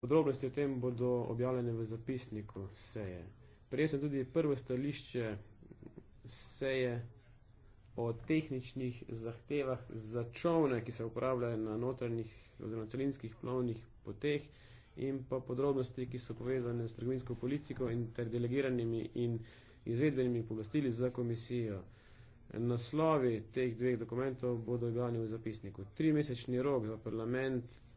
Podrobnosti o tem bodo objavljene v zapisniku seje. Prijel sem tudi prvo stališče seje o tehničnih zahtevah za čovne, ki se uporabljajo na notranjih oziroma celinskih plovnih poteh in pa podrobnosti, ki so povezane s trgovinsko politiko in ter delegiranimi in izvedbenimi pooblastili za komisijo. Naslovi teh dveh dokumentov bodo objavljeni v zapisniku. Tri mesečni rok za parlament